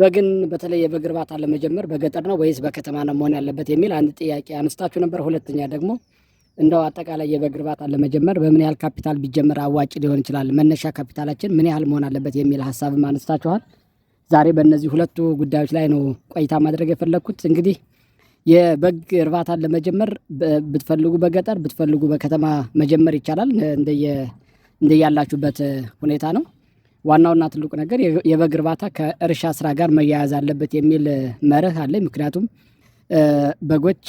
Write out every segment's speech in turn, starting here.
በግን በተለይ የበግ እርባታ ለመጀመር በገጠር ነው ወይስ በከተማ ነው መሆን ያለበት የሚል አንድ ጥያቄ አነስታችሁ ነበር። ሁለተኛ ደግሞ እንደው አጠቃላይ የበግ እርባታ ለመጀመር በምን ያህል ካፒታል ቢጀመር አዋጭ ሊሆን ይችላል፣ መነሻ ካፒታላችን ምን ያህል መሆን አለበት የሚል ሀሳብም አነስታችኋል። ዛሬ በእነዚህ ሁለቱ ጉዳዮች ላይ ነው ቆይታ ማድረግ የፈለግኩት። እንግዲህ የበግ እርባታን ለመጀመር ብትፈልጉ በገጠር ብትፈልጉ በከተማ መጀመር ይቻላል። እንደያላችሁበት ሁኔታ ነው። ዋናውና ትልቁ ነገር የበግ እርባታ ከእርሻ ስራ ጋር መያያዝ አለበት የሚል መርህ አለ ምክንያቱም በጎች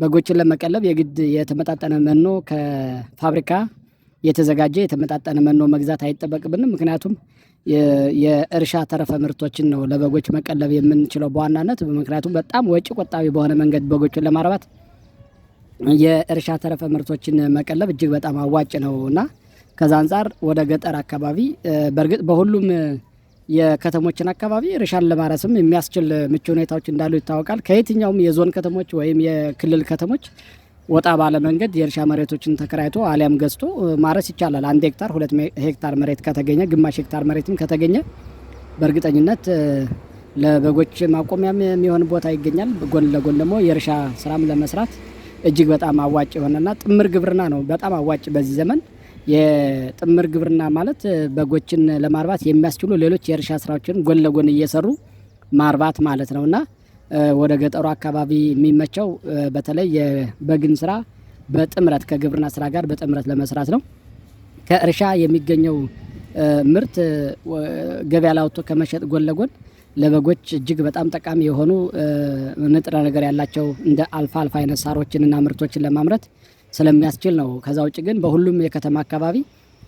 በጎችን ለመቀለብ የግድ የተመጣጠነ መኖ ከፋብሪካ የተዘጋጀ የተመጣጠነ መኖ መግዛት አይጠበቅብንም። ምክንያቱም የእርሻ ተረፈ ምርቶችን ነው ለበጎች መቀለብ የምንችለው በዋናነት። ምክንያቱም በጣም ወጪ ቆጣቢ በሆነ መንገድ በጎችን ለማርባት የእርሻ ተረፈ ምርቶችን መቀለብ እጅግ በጣም አዋጭ ነው እና ከዛ አንጻር ወደ ገጠር አካባቢ በእርግጥ በሁሉም የከተሞችን አካባቢ እርሻን ለማረስም የሚያስችል ምቹ ሁኔታዎች እንዳሉ ይታወቃል። ከየትኛውም የዞን ከተሞች ወይም የክልል ከተሞች ወጣ ባለ መንገድ የእርሻ መሬቶችን ተከራይቶ አሊያም ገዝቶ ማረስ ይቻላል። አንድ ሄክታር፣ ሁለት ሄክታር መሬት ከተገኘ፣ ግማሽ ሄክታር መሬትም ከተገኘ በእርግጠኝነት ለበጎች ማቆሚያም የሚሆን ቦታ ይገኛል። ጎን ለጎን ደግሞ የእርሻ ስራም ለመስራት እጅግ በጣም አዋጭ የሆነና ጥምር ግብርና ነው በጣም አዋጭ በዚህ ዘመን የጥምር ግብርና ማለት በጎችን ለማርባት የሚያስችሉ ሌሎች የእርሻ ስራዎችን ጎን ለጎን እየሰሩ ማርባት ማለት ነው እና ወደ ገጠሩ አካባቢ የሚመቸው በተለይ የበግን ስራ በጥምረት ከግብርና ስራ ጋር በጥምረት ለመስራት ነው። ከእርሻ የሚገኘው ምርት ገበያ ላውቶ ከመሸጥ ጎን ለጎን ለበጎች እጅግ በጣም ጠቃሚ የሆኑ ንጥረ ነገር ያላቸው እንደ አልፋ አልፋ አይነት ሳሮችንና ምርቶችን ለማምረት ስለሚያስችል ነው። ከዛ ውጭ ግን በሁሉም የከተማ አካባቢ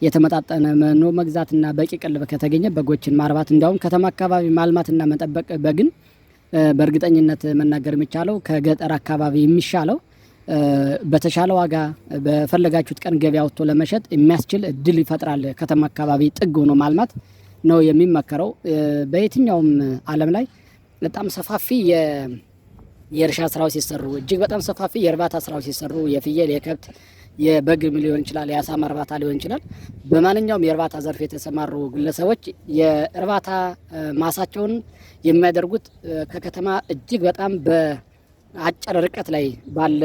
የተመጣጠነ መኖ መግዛትና በቂ ቅልብ ከተገኘ በጎችን ማርባት እንዲያውም ከተማ አካባቢ ማልማትና መጠበቅ በግን በእርግጠኝነት መናገር የሚቻለው ከገጠር አካባቢ የሚሻለው በተሻለ ዋጋ በፈለጋችሁት ቀን ገበያ ወጥቶ ለመሸጥ የሚያስችል እድል ይፈጥራል። ከተማ አካባቢ ጥግ ሆኖ ማልማት ነው የሚመከረው። በየትኛውም ዓለም ላይ በጣም ሰፋፊ የእርሻ ስራዎች ሲሰሩ እጅግ በጣም ሰፋፊ የእርባታ ስራዎች ሲሰሩ የፍየል፣ የከብት፣ የበግ ሊሆን ይችላል፣ የአሳማ እርባታ ሊሆን ይችላል። በማንኛውም የእርባታ ዘርፍ የተሰማሩ ግለሰቦች የእርባታ ማሳቸውን የሚያደርጉት ከከተማ እጅግ በጣም በአጭር ርቀት ላይ ባለ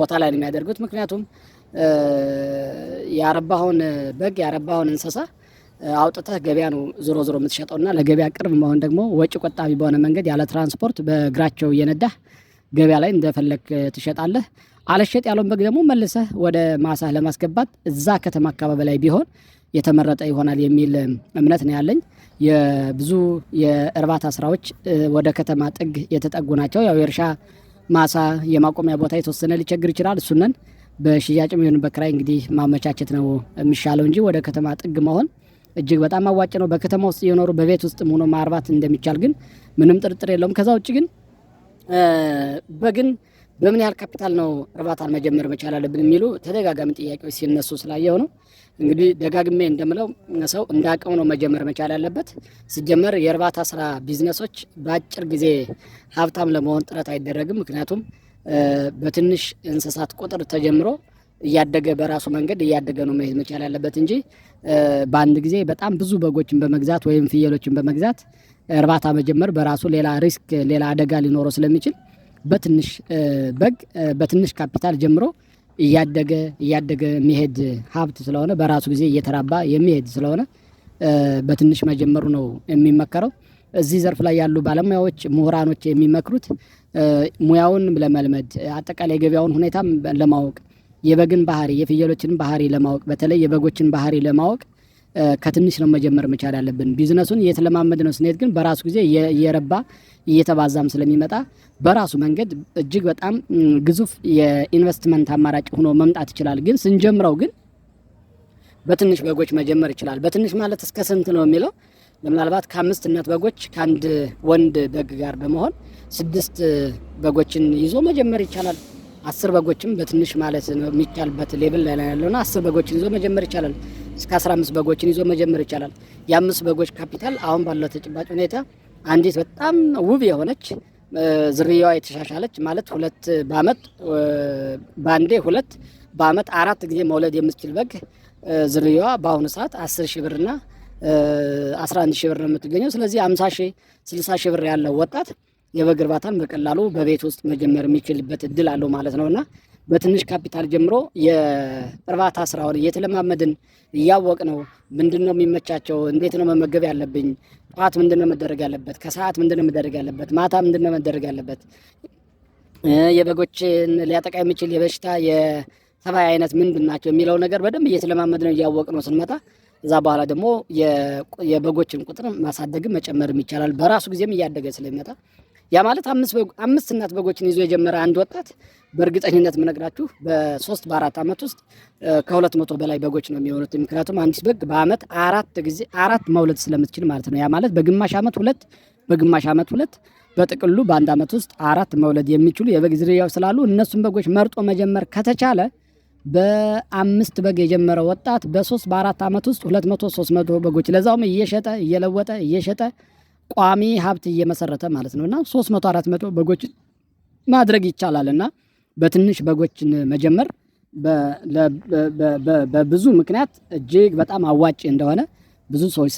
ቦታ ላይ ነው የሚያደርጉት። ምክንያቱም ያረባኸውን በግ የአረባውን እንስሳ አውጥተህ ገበያ ነው ዞሮ ዞሮ የምትሸጠውና ለገበያ ቅርብ መሆን ደግሞ ወጪ ቆጣቢ በሆነ መንገድ ያለ ትራንስፖርት በእግራቸው እየነዳህ ገበያ ላይ እንደፈለግ ትሸጣለህ። አለሸጥ ያለውን በግ ደግሞ መልሰህ ወደ ማሳህ ለማስገባት እዛ ከተማ አካባቢ ላይ ቢሆን የተመረጠ ይሆናል የሚል እምነት ነው ያለኝ። የብዙ የእርባታ ስራዎች ወደ ከተማ ጥግ የተጠጉ ናቸው። ያው የእርሻ ማሳ የማቆሚያ ቦታ የተወሰነ ሊቸግር ይችላል። እሱነን በሽያጭም ይሁን በክራይ እንግዲህ ማመቻቸት ነው የሚሻለው እንጂ ወደ ከተማ ጥግ መሆን እጅግ በጣም አዋጭ ነው። በከተማ ውስጥ የኖሩ በቤት ውስጥ ሆኖ ማርባት እንደሚቻል ግን ምንም ጥርጥር የለውም። ከዛ ውጭ ግን በግን በምን ያህል ካፒታል ነው እርባታን መጀመር መቻል አለብን የሚሉ ተደጋጋሚ ጥያቄዎች ሲነሱ ስላየው ነው። እንግዲህ ደጋግሜ እንደምለው ሰው እንዳቀው ነው መጀመር መቻል ያለበት። ሲጀመር የእርባታ ስራ ቢዝነሶች በአጭር ጊዜ ሀብታም ለመሆን ጥረት አይደረግም። ምክንያቱም በትንሽ እንስሳት ቁጥር ተጀምሮ እያደገ በራሱ መንገድ እያደገ ነው መሄድ መቻል ያለበት እንጂ በአንድ ጊዜ በጣም ብዙ በጎችን በመግዛት ወይም ፍየሎችን በመግዛት እርባታ መጀመር በራሱ ሌላ ሪስክ፣ ሌላ አደጋ ሊኖረው ስለሚችል በትንሽ በግ በትንሽ ካፒታል ጀምሮ እያደገ እያደገ የሚሄድ ሀብት ስለሆነ በራሱ ጊዜ እየተራባ የሚሄድ ስለሆነ በትንሽ መጀመሩ ነው የሚመከረው። እዚህ ዘርፍ ላይ ያሉ ባለሙያዎች፣ ምሁራኖች የሚመክሩት ሙያውን ለመልመድ አጠቃላይ የገበያውን ሁኔታም ለማወቅ የበግን ባህሪ የፍየሎችን ባህሪ ለማወቅ በተለይ የበጎችን ባህሪ ለማወቅ ከትንሽ ነው መጀመር መቻል ያለብን። ቢዝነሱን እየተለማመድ ነው ስንሄድ ግን በራሱ ጊዜ እየረባ እየተባዛም ስለሚመጣ በራሱ መንገድ እጅግ በጣም ግዙፍ የኢንቨስትመንት አማራጭ ሆኖ መምጣት ይችላል። ግን ስንጀምረው ግን በትንሽ በጎች መጀመር ይችላል። በትንሽ ማለት እስከ ስንት ነው የሚለው ምናልባት ከአምስት እናት በጎች ከአንድ ወንድ በግ ጋር በመሆን ስድስት በጎችን ይዞ መጀመር ይቻላል። አስር በጎችም በትንሽ ማለት የሚቻልበት ሌብል ላይ ያለውና አስር በጎችን ይዞ መጀመር ይቻላል። እስከ አስራ አምስት በጎችን ይዞ መጀመር ይቻላል። የአምስት በጎች ካፒታል አሁን ባለው ተጨባጭ ሁኔታ አንዲት በጣም ውብ የሆነች ዝርያዋ የተሻሻለች ማለት ሁለት በአመት በአንዴ ሁለት በአመት አራት ጊዜ መውለድ የምትችል በግ ዝርያዋ በአሁኑ ሰዓት አስር ሺህ ብርና አስራ አንድ ሺህ ብር ነው የምትገኘው። ስለዚህ አምሳ ሺህ ስልሳ ሺህ ብር ያለው ወጣት የበግ እርባታን በቀላሉ በቤት ውስጥ መጀመር የሚችልበት እድል አለው ማለት ነው እና በትንሽ ካፒታል ጀምሮ የእርባታ ስራውን እየተለማመድን እያወቅ ነው ምንድን ነው የሚመቻቸው፣ እንዴት ነው መመገብ ያለብኝ፣ ጠዋት ምንድን ነው መደረግ ያለበት፣ ከሰዓት ምንድን ነው መደረግ ያለበት፣ ማታ ምንድን ነው መደረግ ያለበት፣ የበጎችን ሊያጠቃ የሚችል የበሽታ የተባይ አይነት ምንድን ናቸው የሚለው ነገር በደንብ እየተለማመድ ነው እያወቅ ነው ስንመጣ እዛ በኋላ ደግሞ የበጎችን ቁጥር ማሳደግም መጨመርም ይቻላል። በራሱ ጊዜም እያደገ ስለሚመጣ ያ ማለት አምስት እናት በጎችን ይዞ የጀመረ አንድ ወጣት በእርግጠኝነት የምነግራችሁ በሶስት በአራት ዓመት ውስጥ ከሁለት መቶ በላይ በጎች ነው የሚሆኑት። ምክንያቱም አንዲት በግ በአመት አራት ጊዜ አራት መውለድ ስለምትችል ማለት ነው። ያ ማለት በግማሽ ዓመት ሁለት በግማሽ ዓመት ሁለት በጥቅሉ በአንድ ዓመት ውስጥ አራት መውለድ የሚችሉ የበግ ዝርያው ስላሉ እነሱን በጎች መርጦ መጀመር ከተቻለ በአምስት በግ የጀመረ ወጣት በሶስት በአራት ዓመት ውስጥ ሁለት መቶ ሶስት መቶ በጎች ለዛውም እየሸጠ እየለወጠ እየሸጠ ቋሚ ሀብት እየመሰረተ ማለት ነው እና ሶስት መቶ አራት መቶ በጎችን ማድረግ ይቻላል እና በትንሽ በጎችን መጀመር በብዙ ምክንያት እጅግ በጣም አዋጭ እንደሆነ ብዙ ሰዎች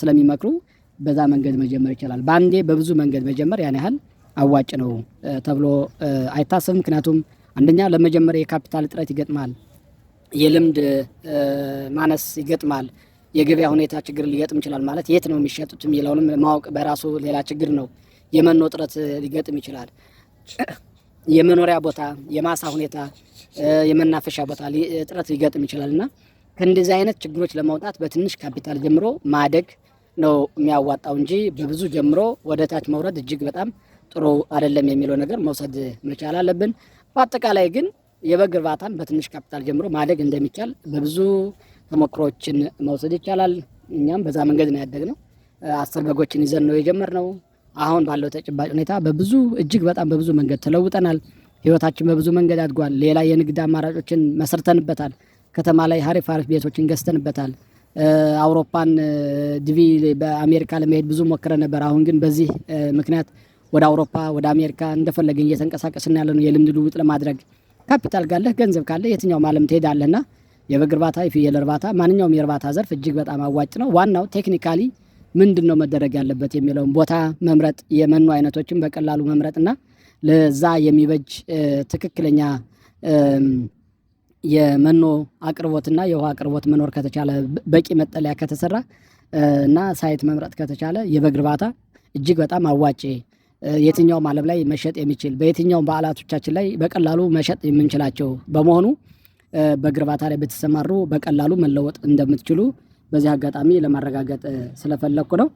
ስለሚመክሩ በዛ መንገድ መጀመር ይቻላል። በአንዴ በብዙ መንገድ መጀመር ያን ያህል አዋጭ ነው ተብሎ አይታሰብም። ምክንያቱም አንደኛ ለመጀመሪያ የካፒታል እጥረት ይገጥማል፣ የልምድ ማነስ ይገጥማል። የገበያ ሁኔታ ችግር ሊገጥም ይችላል። ማለት የት ነው የሚሸጡት የሚለውንም ማወቅ በራሱ ሌላ ችግር ነው። የመኖ እጥረት ሊገጥም ይችላል። የመኖሪያ ቦታ፣ የማሳ ሁኔታ፣ የመናፈሻ ቦታ እጥረት ሊገጥም ይችላል እና ከእንደዚህ አይነት ችግሮች ለማውጣት በትንሽ ካፒታል ጀምሮ ማደግ ነው የሚያዋጣው እንጂ በብዙ ጀምሮ ወደ ታች መውረድ እጅግ በጣም ጥሩ አይደለም የሚለው ነገር መውሰድ መቻል አለብን። በአጠቃላይ ግን የበግ እርባታን በትንሽ ካፒታል ጀምሮ ማደግ እንደሚቻል በብዙ ተሞክሮችን መውሰድ ይቻላል። እኛም በዛ መንገድ ነው ያደግነው። አስር በጎችን ይዘን ነው የጀመርነው። አሁን ባለው ተጨባጭ ሁኔታ በብዙ እጅግ በጣም በብዙ መንገድ ተለውጠናል። ህይወታችን በብዙ መንገድ አድጓል። ሌላ የንግድ አማራጮችን መስርተንበታል። ከተማ ላይ ሀሪፍ ሀሪፍ ቤቶችን ገዝተንበታል። አውሮፓን ዲቪ በአሜሪካ ለመሄድ ብዙ ሞክረ ነበር። አሁን ግን በዚህ ምክንያት ወደ አውሮፓ ወደ አሜሪካ እንደፈለግን እየተንቀሳቀስን ያለ ነው። የልምድ ልውውጥ ለማድረግ ካፒታል ካለህ ገንዘብ ካለህ የትኛውም ዓለም ትሄዳለህና የበግ እርባታ፣ የፍየል እርባታ፣ ማንኛውም የእርባታ ዘርፍ እጅግ በጣም አዋጭ ነው። ዋናው ቴክኒካሊ ምንድን ነው መደረግ ያለበት የሚለውን ቦታ መምረጥ፣ የመኖ አይነቶችን በቀላሉ መምረጥና ለዛ የሚበጅ ትክክለኛ የመኖ አቅርቦትና የውሃ አቅርቦት መኖር ከተቻለ በቂ መጠለያ ከተሰራ እና ሳይት መምረጥ ከተቻለ የበግ እርባታ እጅግ በጣም አዋጭ የትኛውም ዓለም ላይ መሸጥ የሚችል በየትኛውም በዓላቶቻችን ላይ በቀላሉ መሸጥ የምንችላቸው በመሆኑ በግርባታ ላይ ብትሰማሩ በቀላሉ መለወጥ እንደምትችሉ በዚህ አጋጣሚ ለማረጋገጥ ስለፈለግኩ ነው።